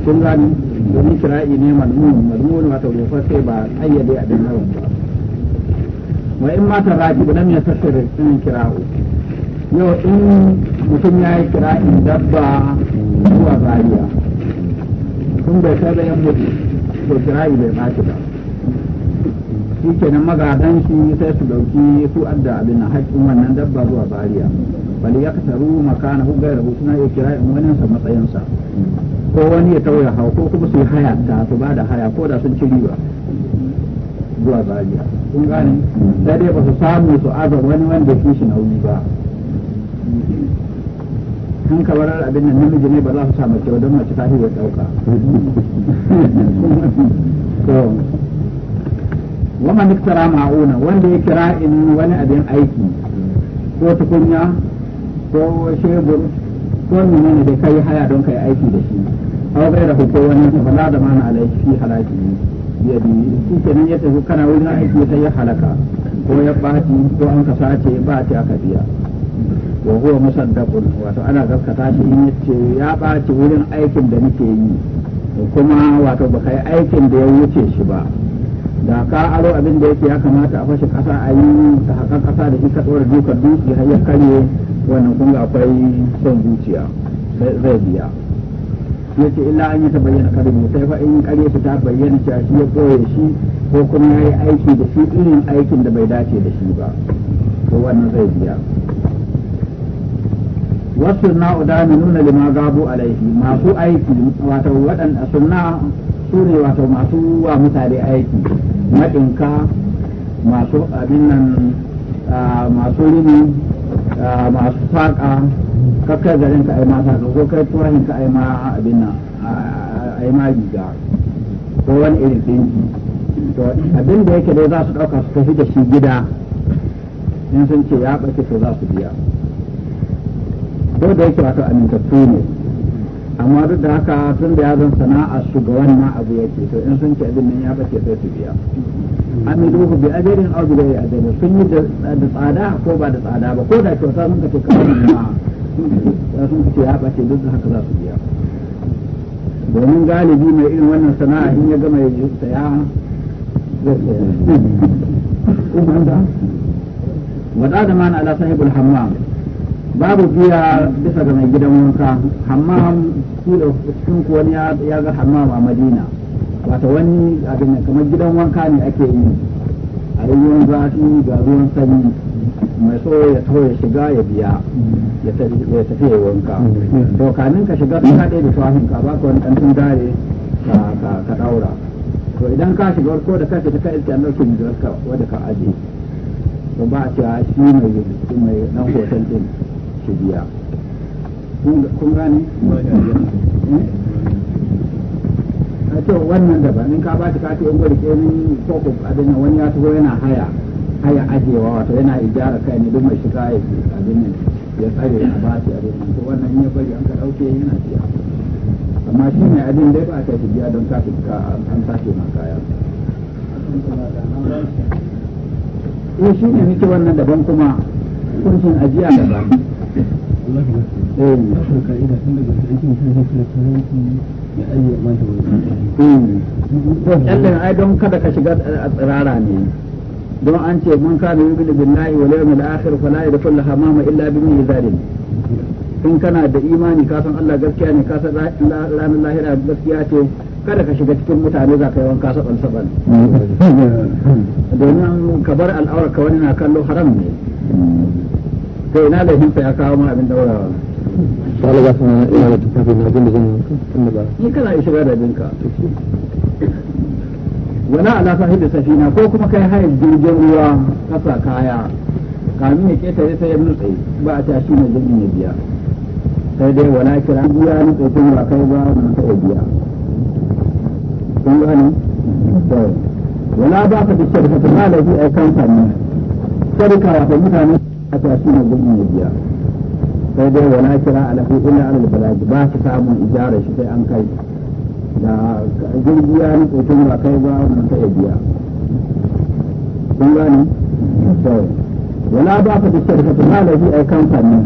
kun gani domin kira'i ne madmun madmun wata rufa sai ba ayyade a dinar ba wa in ma ta rafi ba ya tattara in kira'u yau in mutum ya yi kira'in dabba zuwa zariya kun bai sai da yan mutu to kira'i bai ba ba shi kenan magadan shi sai su dauki su adda abin na haƙƙin wannan dabba zuwa bariya bali ya kasaru makana hu gairahu suna iya kira in wani sa matsayin sa ko wani ya tauya hawa ko kuma su haya ta su ba da haya ko da sun ci riba zuwa bariya kun gane sai dai ba su samu su aza wani wanda shi shi nauyi ba an kawarar abin nan namiji ne ba za su samu mace don mace ta hiyar ɗauka wannan kira ma'una wanda ya kira in wani abin aiki ko tukunya ko shebur ko ne da kai haya don kai aiki da shi aw bai da hukumar wani ta fala da mana alaiki shi halaki ya bi shi kenan ya tafi kana wurin aiki sai ya halaka ko ya bati ko an ka sace ba ta aka biya wa huwa musaddaqun wato ana gaskata shi in yace ya baci wurin aikin da nake yi kuma wato ba yi aikin da ya wuce shi ba da ka aro abin da yake ya kamata a fashe kasa a yi ta haƙar kasa da shi ka ɗora dukkan dutse har ya karye wannan kunga akwai son zuciya zai biya ya ce illa an yi ta bayyana karni sai fa in karye su ta bayyana cewa shi ya koye shi ko kuma ya yi aiki da shi irin aikin da bai dace da shi ba to wannan zai biya wasu na'uda nuna lima gabu laifi masu aiki wato waɗanda suna su ne masu wa mutane aiki maɗinka masu abin nan masu rini masu saƙa kakkai garin ka aima saƙa ko kai turahin ka aima abin nan aima riga ko wani irin ɗinki to abin da yake dai za su ɗauka su tafi da shi gida in sun ce ya ɓace to za su biya ko da yake wato amintattu ne amma duk da haka tun da ya sana'a su ga wannan abu yake to in sun ci abin nan ya bace sai su biya duhu bi ajarin aw bi ya ajarin sun yi da tsada ko ba da tsada ba ko da kyauta sun kace kawai na sun ce ya bace duk da haka za su biya domin galibi mai irin wannan sana'a in ya gama ya saya zai saya wadda da mana ala sahibul hammam babu biya bisa ga mai gidan wanka hammam su da cikin ku wani ya ga hammam a madina wata wani abin nan kamar gidan wanka ne ake yi a ruwan zafi ga ruwan sanyi mai so ya taho ya shiga ya biya ya tafi ya wanka to kamin ka shiga suna ɗaya da tuwafin ka baka wani ɗan dare ka ɗaura to idan ka shiga ko da kake ta kai iska ɗauke ne da wadda ka aje to ba a cewa shi mai dan hoton ɗin ke biya kun gani eh? a ce wannan daban in ka ba shi kati in gwada kenan ko abin abin wani ya taho yana haya haya ajewa wato yana ijara kai ne duk mai shiga ya abin nan ya tsare ya ba shi abin nan to wannan ya bari an ka dauke yana biya amma shi ne abin dai ba ta biya don ka ka an sace ma kaya eh shi ne nake wannan daban kuma kuncin ajiya daban Allah ai don kada ka shiga a eh, tsirara ne don an ce man kana yu'minu billahi wal yawmil akhir fala yadkhul hamama illa bi mizalin in kana da imani ka san Allah gaskiya ne ka san ranar lahira gaskiya ce kada ka shiga cikin mutane za ka yi wanka saban saban domin ka bar al'aura ka wani na kallo haram ne kai na da hinta ya kawo mun abin da na ba ni shiga da ko kuma kai hayar jirgin ruwa kasa kaya kamin ya keta sai ya nutse ba a tashi na jirgin ya biya sai dai wala kira biya na ba kai ba na kai biya kun wala ba ka da shirka ta malafi a kamfani shirka wata mutane akwati na gudun ya biya sai dai wala kira alafi illa alal balaji ba su samun ijara shi sai an kai da jirgi ya ni tsoton ba kai ba mun sai biya kun gani wala ba ka da shirka ta malaji yi kamfani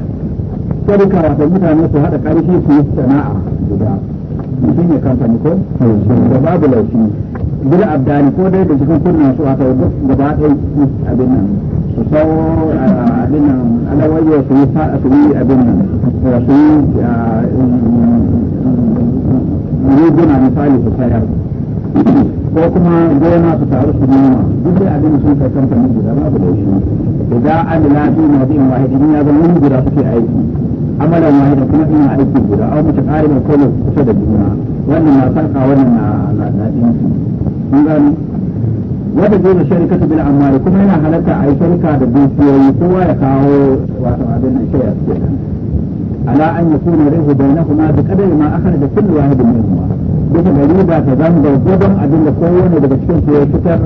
shirka wata mutane su haɗa ƙarfi su yi sana'a guda shi ne kamfani ko da babu laushi bil abdani ko dai da cikin kunnan su gaba ɗaya abin nan su kawo abin nan alawaje su yi su yi abin nan su yi riguna misali su sayar ko kuma gona su taru su noma duk da abin sun kai kanta mun guda babu da shi idan amila fi mawdi'in wahidin ya zama mun guda suke aiki amalan wahida kuma ina aiki guda au mace ƙari mai kusa da juna wannan na sarka wannan na na dinki kun gani wata zuwa sharikatu bil amwali kuma yana halatta a yi da dukiyoyi kowa ya kawo wato abin nan shayar kenan ala an yakuna rihu bainahuma bi qadari ma akhraja kullu da riba ta zan abin da kowane daga cikin su ya fitar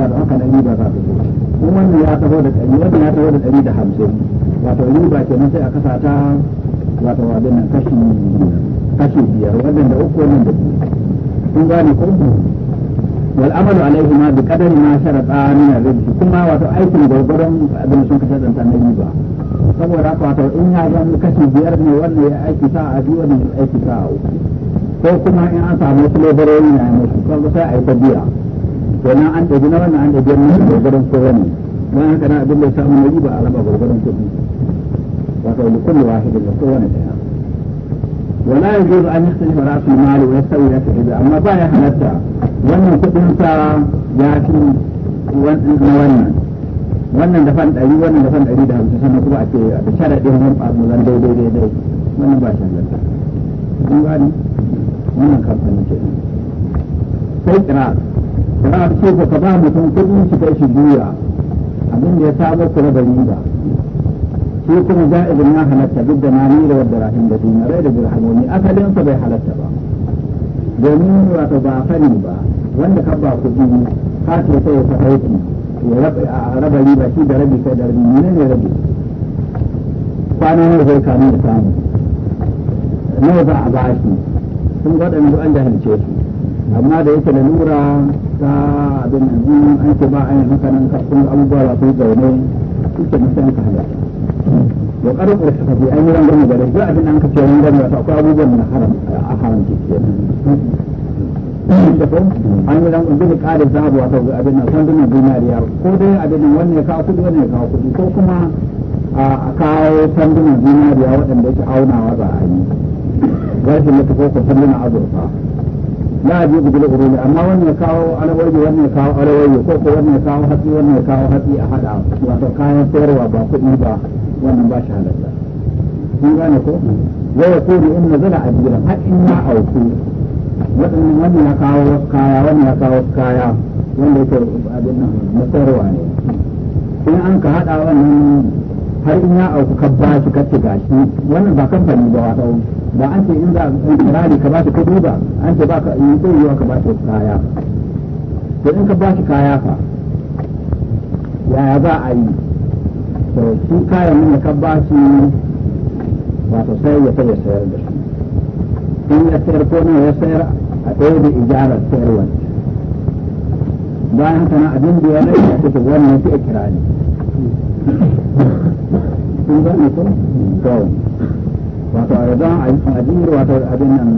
wato haka na riba za zo kuma wannan ya taho da ɗari wannan ya taho da ɗari da hamsin wato riba sai a kasa ta wato abin nan kashi kashi biyar wannan da uku wannan da biyu kun gane wal amalu alaihima bi qadari ma sharata min ar-rizqi kuma wato aikin gurgurun abin sun kace zanta na riba saboda wato in ya kashi biyar ne wannan ya aiki a biyu wannan ya aiki ko kuma in an samu wasu laborori na musu sai a yi ta biya to an ɗabi na wannan an ɗabi na gurgurun ko wani don haka na abin da ya samu na riba a raba gurgurun kuɗi wato likulli wahidin da kowane ɗaya ولا يجوز أن يختلف رأس المال ويستوي رأسه إذا أما بايع حلتا wannan kuɗin sa ya fi na wannan wannan da fan ɗari wannan da fan ɗari da hamsin sannan kuma ake ce a ta shara ɗin mun dai mulan daidai daidai wannan ba shan zanta kun gani wannan kamfani ce sai ƙira ƙira ce ko ka ba mutum kuɗin shi kai shi juya abin da ya sabo ku ni riba shi kuma ja'izin ya halatta duk da na nira wadda rahim da duniya rai da birhamoni asalin bai halatta ba domin wato ba fari ba wanda ka ba kuɗi ka ce sai ya fatauki ya raba riba shi da rabi kai da rabi ne ne rabi kwana na zai kamun da samu nawa za a ba shi sun gwada su an jahilce su amma da yake da lura ta abin yanzu an ce ba a yi haka nan kafin abubuwa ba su zaune suke musamman ka halatta wa karin da suka fi an yi rangar da duk abin an kace akwai abubuwan na haram a haramci an yi rangar duk karin zabu wato abin nan sandunan dinariya ko dai abin nan wannan ya kawo kudi wanne ya kawo kudi ko kuma a kawo sandunan dinariya waɗanda yake aunawa za a yi garfin mutu ko ko sandunan azurfa la ji bi da urumi amma wannan ya kawo alwaje wannan ya kawo alwaje ko ko wannan ya kawo hatsi wannan ya kawo hatsi a hada wato kayan sayarwa ba kuɗi ba wannan ba shi halatta kun gane ko wa yakunu in nazala ajiran har in ya auku wadannan wannan ya kawo wasu kaya wannan ya kawo wasu kaya wanda yake abin nan na sayarwa ne in an ka hada wannan har in ya auku ka ba shi ka ci gashi wannan ba kamfani ba wato ba an ce in za a kirari ka ba shi kudi ba an ce ba ka yi tsayewa ka ba shi kaya to in ka ba shi kaya fa yaya za a yi to shi kayan nan da ka ba shi wato sai ya sai ya sayar da su in ya sayar ko nawa ya sayar a ɗaya da ijarar sayarwa bayan haka na abin da ya rage a cikin wannan sai a kirari kun gane ko to wato idan ajiyar wato abin nan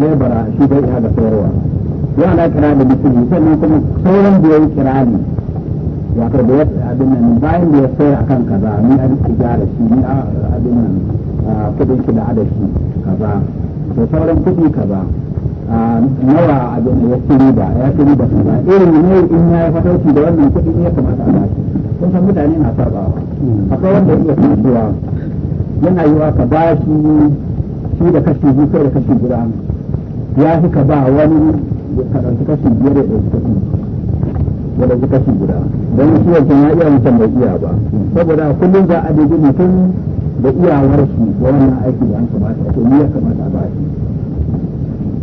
lebara shi bai iya ga sayarwa ya da kira da mutum sannan kuma sauran da ya yi kira ne wato da ya abin nan bayan da ya sayar akan kaza ni an tijara shi ni abin nan kudin shi da adashi kaza da sauran kudi kaza nawa abin ya ci riba ya ci riba kaza irin ne in ya yi fatauci da wannan kudin ya kamata a bashi kun san mutane na sarbawa hmm. akwai wanda ya iya kasuwa yana yiwa ka ba shi shi da kashi biyu kai da kashi guda ya fi ka ba wani ka ɗauki kashi biyar da ɗauki kashi da ɗauki kashi guda don shi wancan ya iya wancan bai iya ba saboda kullum za a daidai mutum da iyawar shi wannan aiki da an kamata to ni ya kamata ba shi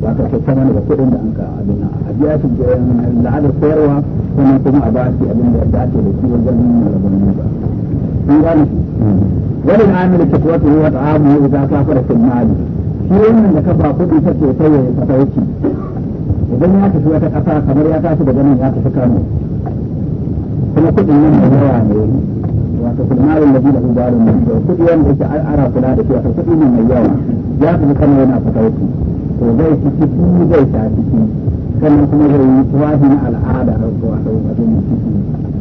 ba ka kyauta mana da kuɗin da an ka abin a biya shi da la'adar koyarwa sannan kuma a ba shi abin da ya dace da shi wajen nuna rabon ba kun gane wani amil kitabatu wa ta'amu idza kafara fil mali shi wannan da kafa kudi ta ce sai ya fatauci idan ya tafi wata kasa kamar ya tashi daga nan ya tafi Kano kuma kudin nan da yawa ne wato fil mali alladhi lahu balun min kudi wanda yake ara kula da shi wato kudi mai yawa ya tafi Kano yana fatauci to zai ci ciki zai kuma zai yi tuwahin al'ada wato ciki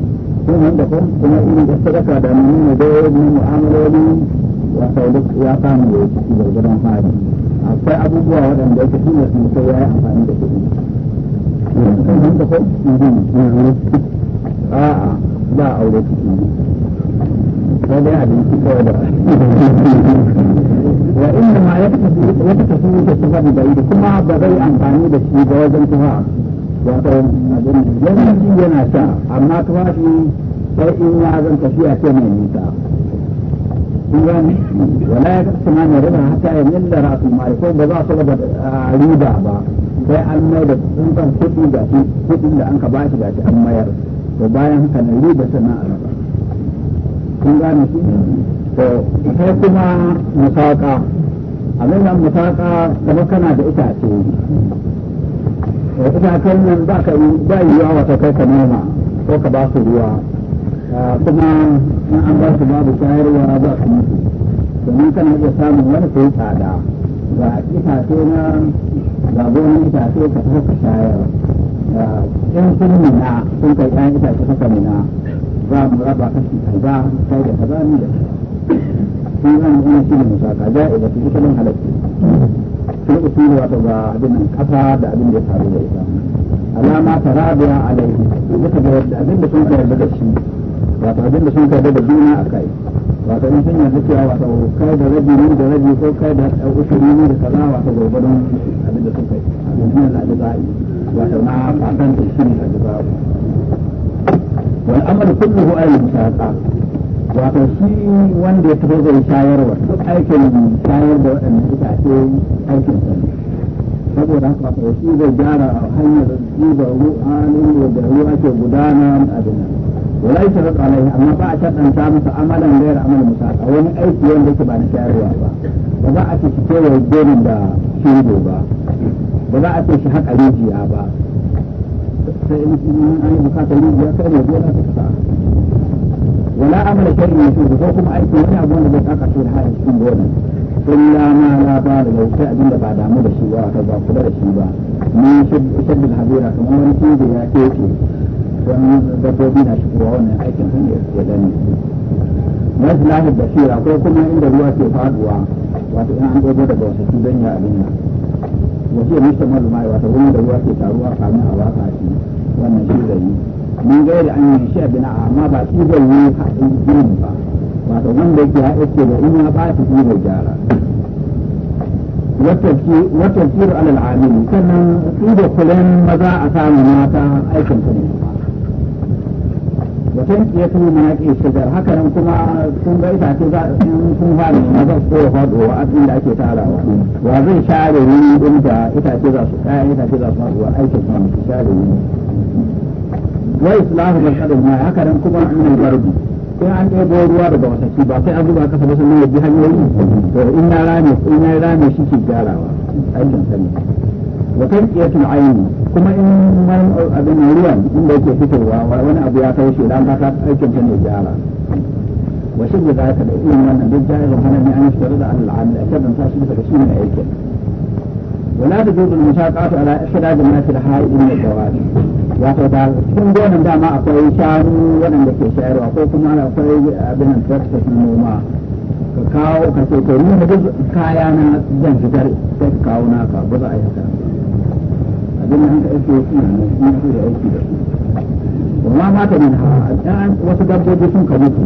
kun wanda ko kuma irin da sadaka da nuna da yawan mu'amaloli wato duk ya da yake cikin gargadan hali akwai abubuwa waɗanda yake shi ne sun sai ya yi amfani da kuɗi kun wanda ko a'a ba aure ciki ko dai abinci kawai da wa inda ma ya tafi wata tafi da su da kuma ba zai amfani da shi ga wajen wato yana ji yana sha amma kuma shi sai in ya zan tafiya ce mai nisa kun wala ya kasa ma mai riba hata ya milla rasu mai ko ba za su raba riba ba sai an mai da tsuntsan kuɗi da shi kuɗin da an ka bashi ga shi an mayar to bayan haka na riba sannan a raba kun gane shi to sai kuma musaka abin nan musaka kamar kana da itace itacen nan ba ka ba yawa wata kai ka noma ko ka ba su ruwa ah, kuma in an ba su babu shayarwa ba su mutu domin kana iya samun wani sai tsada ga itace na ga gonan itace ka tafi ka shayar ah, in sun nuna sun kai kayan itace ka nuna za mu raba kashi kaza kai da kaza ni da kaza sun zan iya shi ne musaka ja'i da su ita nan halatta fil usul wato ga abin nan kasa da abin da ya faru da ita alama tarabiya alaihi duka da yadda abin da sun yarda da shi wato abin da sun yarda da juna a kai wato in sun yarda cewa wato kai da rabi ne da rabi ko kai da ushuri ne da kaza wato gurgurdan abin da sun kai abin da al'adai wato na fatan da shi ne al'adai wal amru kulluhu ayyuka wato shi wanda ya tafi zai shayarwa duk aikin shayar da waɗannan ce aikin sa saboda haka wato shi zai gyara a hanyar zuba ru'anin da ruwa ke gudana abin nan wala yake rasa alaihi amma ba a shaɗanta masa amalan da yara amal a wani aiki wanda yake ba na shayarwa ba ba za a ce shi kewa gonin da shingo ba ba za a ce shi haƙa rijiya ba sai in an yi bukatar rijiya kai ne gona ta kasa ولا عمل شيء يفيد فوقهم أي ولا أبوان الذي أقع في الحال الشم بولا إلا ما لا بال لو شاء جل بعد عمود الشيء كذا قدر الشيء من شد شد الحبيرة كما هو نتيجة يا كيكي فبدوبين أشكرون أيكم هم يزني مثل أهل البشير أقول كما عند الوقت يفعلوا وأن عند وجود بوسط الدنيا أبنها وشيء مشتمل ما يواترون الوقت يتعروا فعلنا أواقع شيء وأن شيء ذي mun ga da an yi shi bina amma ba su zai yi haɗin gini ba wato wanda yake ya ce da in ya ta shi zai gyara wata kiro alal amin sannan su kulen maza a samu mata aikin su ne wajen kiyatu mana ke shigar haka nan kuma sun ga itace za sun fara maza ko ya faɗo a da ake tarawa wa zai share wuri ɗin itace za su kayan itace za su faɗo aikin su share wuri wa islahu bil hadar ma haka nan kuma an barbi sai an ɗebo ruwa daga wasaki ba sai an zuba kasa ba sannan ya bi hanyoyi to in na rame in ya rame shi ke gyarawa aikin sani wa tanqiyatul aini kuma in man abin ruwan inda yake fitowa wani abu ya kai shi dan ka aikin sani ya gyara wa shi da zaka da irin wannan duk jahilin hana ne an shi da Allah da kadan sa shi daga shi ne aikin ولا تجوز المشاقة على إحدى جنات الحائض من الزواج wato da cikin gonan dama akwai shanu waɗanda ke shayarwa ko kuma akwai abin nan tractor na noma ka kawo ka ce to ni duk kaya na zan fitar sai ka kawo naka ba za a yi haka abin nan ka ake suna ne suna su da aiki da su amma mata min ha wasu dabbobi sun ka mutu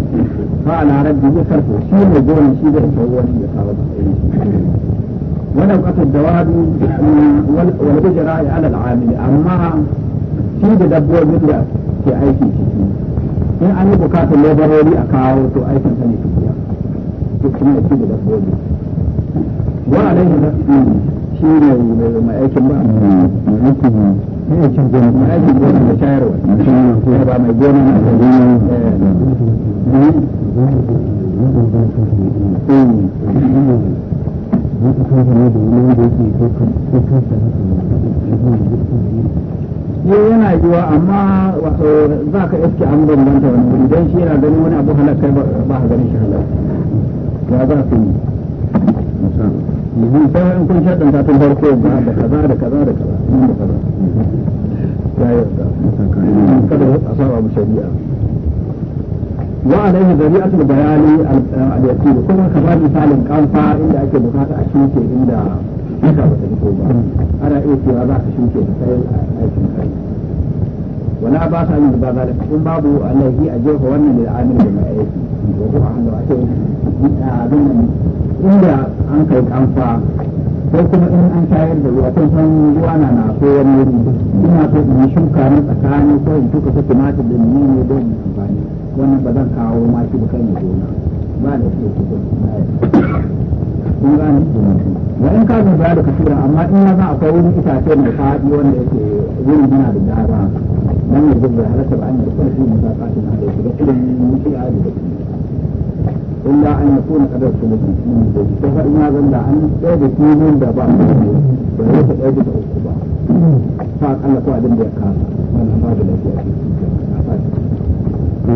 fa ala rabbi zai karfe shi ne gonan shi da wani ya kawo ولو أتى الدواب ولتجرى على العامل أما في تدبر مثل في أي شيء شيء إن أنا بكات لا ضروري أكاو تو أي شيء ثاني في كمية في تدبر وعليه نفسي شيء من ما أكل ما أكل ايه za ka da yake da yana yiwa amma za ka iske an bambanta wani wuri don shi yana ganin wani abu halakka ba a ganin shi halakka ya za ka yi musamman kun farko ba da kaza da kaza da kaza da kaza ya kada a saba mu shari'a وعليه ذريعة البيان اليسير كما كمان مثال القنفة عند أكي بكاتا أشوكي عند أكا وتنكوبا أنا إيتي وأبا أشوكي فسيل أيكم خير ولا باس أن يتبع ذلك إن بابو عليه أجوه وأن للعامل بما أيتي وهو أحد أشوكي عند أنكي كانفا ko kuma in an shayar da ruwa kun san ruwa na na so wani wuri ina so in shuka na tsakani ko in shuka ta tumatir da menene don amfani wannan ba zan kawo ma shi ba kai ne gona ba da shi ku kun gane wa in ka zuba da kasura amma in na za akwai wurin itace mai faɗi wanda yake wurin yana da dama nan ne zuba halatta ba an yi kwarfi mu ta kashi na da shiga irin mushi a da shi illa an yi kuna kadar su mutum da shi ta faɗi ma zan da an ɗaya da filin da ba mu ba ya ta ɗaya da uku ba fa akalla ko abin da ya kasa wannan ba da lafiya a cikin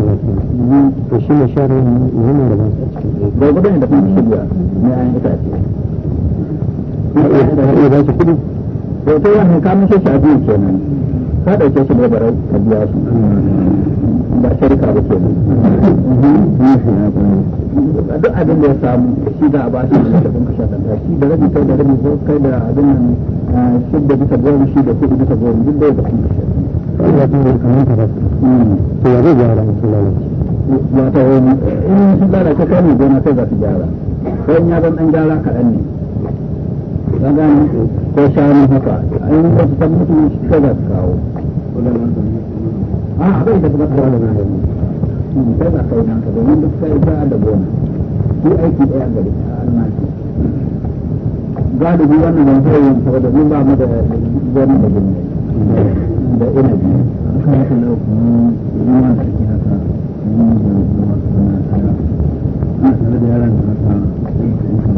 to shi ne sharar yana da ba su da gudun da kuma shirya ne ba su ta kamun shi a kenan ka shi da ka biya su ba sharika ba kenan duk abin da ya samu shi da a da shafin kasha kanta shi da rabi kai da rabi ko kai da abin nan eh, bisa goma shi da kudu bisa goma duk da ya ya fi yin kamar ta rasu to ya zai gyara in lalace wani in ne gona za su gyara ya zan dan gyara kaɗan ne ka gane ko shanu haka in san za su kawo a bai hmm, za domin duk ba da gona aiki ɗaya gari a wannan saboda mun ba mu da gona da gona da inabi kan haka da kuma ruwa da ake haka ruwa da ruwa suna tare da yaran da haka